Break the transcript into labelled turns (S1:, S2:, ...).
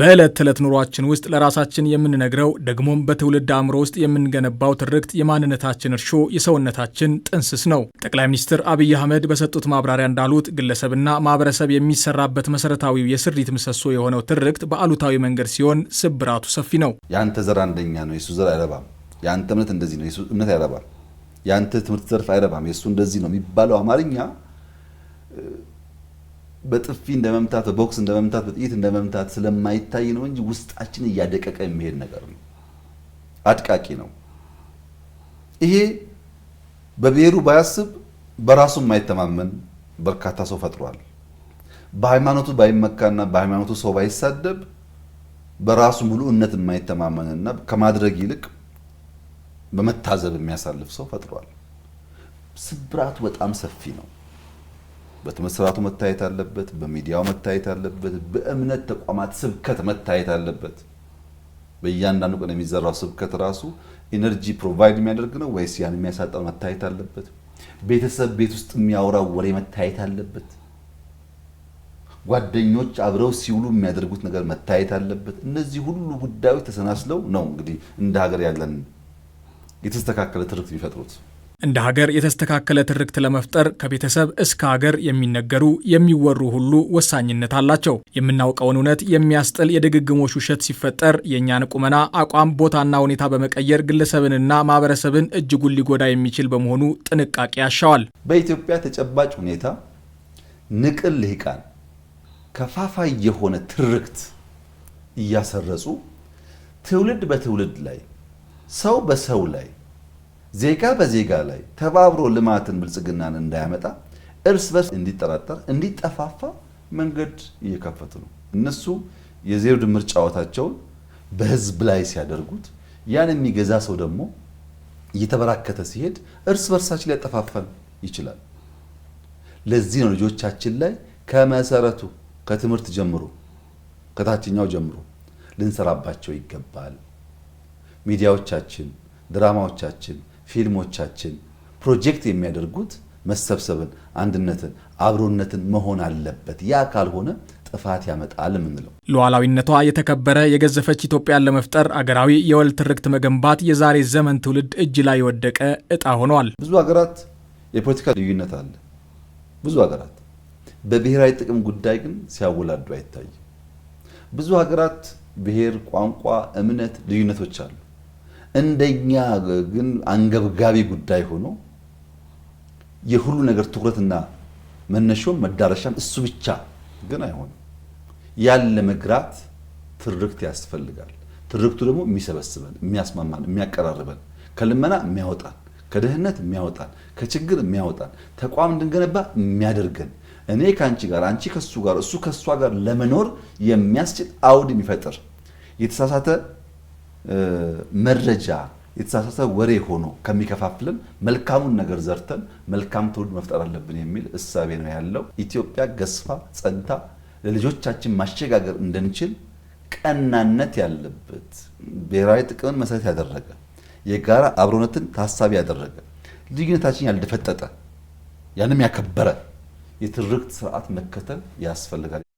S1: በዕለት ተዕለት ኑሯችን ውስጥ ለራሳችን የምንነግረው ደግሞም በትውልድ አእምሮ ውስጥ የምንገነባው ትርክት የማንነታችን እርሾ የሰውነታችን ጥንስስ ነው። ጠቅላይ ሚኒስትር አብይ አህመድ በሰጡት ማብራሪያ እንዳሉት ግለሰብና ማህበረሰብ የሚሰራበት መሰረታዊው የስሪት ምሰሶ የሆነው ትርክት በአሉታዊ መንገድ ሲሆን ስብራቱ ሰፊ ነው።
S2: የአንተ ዘር አንደኛ ነው፣ የሱ ዘር አይረባም። የአንተ እምነት እንደዚህ ነው፣ የሱ እምነት አይረባም። የአንተ ትምህርት ዘርፍ አይረባም፣ የሱ እንደዚህ ነው የሚባለው አማርኛ በጥፊ እንደመምታት በቦክስ እንደመምታት በጥይት እንደመምታት ስለማይታይ ነው እንጂ ውስጣችን እያደቀቀ የሚሄድ ነገር ነው። አድቃቂ ነው። ይሄ በብሔሩ ባያስብ በራሱ የማይተማመን በርካታ ሰው ፈጥሯል። በሃይማኖቱ ባይመካና በሃይማኖቱ ሰው ባይሳደብ በራሱ ምሉዕነት የማይተማመንና ከማድረግ ይልቅ በመታዘብ የሚያሳልፍ ሰው ፈጥሯል። ስብራቱ በጣም ሰፊ ነው። በትምህርት መታየት አለበት፣ በሚዲያው መታየት አለበት፣ በእምነት ተቋማት ስብከት መታየት አለበት። በእያንዳንዱ ቀን የሚዘራው ስብከት ራሱ ኢነርጂ ፕሮቫይድ የሚያደርግ ነው ወይስ ያን የሚያሳጣው መታየት አለበት። ቤተሰብ ቤት ውስጥ የሚያወራው ወሬ መታየት አለበት። ጓደኞች አብረው ሲውሉ የሚያደርጉት ነገር መታየት አለበት። እነዚህ ሁሉ ጉዳዮች ተሰናስለው ነው እንግዲህ እንደ ሀገር ያለን የተስተካከለ ትርክት የሚፈጥሩት።
S1: እንደ ሀገር የተስተካከለ ትርክት ለመፍጠር ከቤተሰብ እስከ ሀገር የሚነገሩ የሚወሩ ሁሉ ወሳኝነት አላቸው። የምናውቀውን እውነት የሚያስጥል የድግግሞሽ ውሸት ሲፈጠር የእኛን ቁመና፣ አቋም፣ ቦታና ሁኔታ በመቀየር ግለሰብንና ማህበረሰብን እጅጉን ሊጎዳ የሚችል በመሆኑ ጥንቃቄ ያሻዋል።
S2: በኢትዮጵያ ተጨባጭ ሁኔታ ንቅል ልሂቃን ከፋፋይ የሆነ ትርክት እያሰረጹ ትውልድ በትውልድ ላይ ሰው በሰው ላይ ዜጋ በዜጋ ላይ ተባብሮ ልማትን ብልጽግናን እንዳያመጣ እርስ በርስ እንዲጠራጠር እንዲጠፋፋ መንገድ እየከፈቱ ነው። እነሱ የዜሮ ድምር ጨዋታቸውን በህዝብ ላይ ሲያደርጉት ያን የሚገዛ ሰው ደግሞ እየተበራከተ ሲሄድ እርስ በርሳችን ሊያጠፋፈን ይችላል። ለዚህ ነው ልጆቻችን ላይ ከመሰረቱ ከትምህርት ጀምሮ ከታችኛው ጀምሮ ልንሰራባቸው ይገባል። ሚዲያዎቻችን፣ ድራማዎቻችን ፊልሞቻችን ፕሮጀክት የሚያደርጉት መሰብሰብን፣ አንድነትን፣ አብሮነትን መሆን አለበት። ያ ካልሆነ ጥፋት ያመጣል የምንለው
S1: ሉዓላዊነቷ የተከበረ የገዘፈች ኢትዮጵያን ለመፍጠር አገራዊ የወል ትርክት መገንባት የዛሬ ዘመን ትውልድ እጅ ላይ የወደቀ እጣ ሆኗል።
S2: ብዙ ሀገራት የፖለቲካ ልዩነት አለ። ብዙ ሀገራት በብሔራዊ ጥቅም ጉዳይ ግን ሲያወላዱ አይታይም። ብዙ ሀገራት ብሔር፣ ቋንቋ፣ እምነት ልዩነቶች አሉ። እንደኛ ግን አንገብጋቢ ጉዳይ ሆኖ የሁሉ ነገር ትኩረትና መነሾም መዳረሻም እሱ ብቻ ግን አይሆንም። ያለ መግራት ትርክት ያስፈልጋል። ትርክቱ ደግሞ የሚሰበስበን፣ የሚያስማማን፣ የሚያቀራርበን፣ ከልመና የሚያወጣን፣ ከድህነት የሚያወጣን፣ ከችግር የሚያወጣን፣ ተቋም እንድንገነባ የሚያደርገን፣ እኔ ከአንቺ ጋር፣ አንቺ ከሱ ጋር፣ እሱ ከእሷ ጋር ለመኖር የሚያስችል አውድ የሚፈጥር የተሳሳተ መረጃ የተሳሳተ ወሬ ሆኖ ከሚከፋፍልን መልካሙን ነገር ዘርተን መልካም ትውልድ መፍጠር አለብን የሚል እሳቤ ነው ያለው። ኢትዮጵያ ገዝፋ ጸንታ ለልጆቻችን ማሸጋገር እንድንችል ቀናነት ያለበት ብሔራዊ ጥቅምን መሰረት ያደረገ የጋራ አብሮነትን ታሳቢ ያደረገ ልዩነታችን ያልደፈጠጠ ያንም ያከበረ የትርክት ስርዓት መከተል ያስፈልጋል።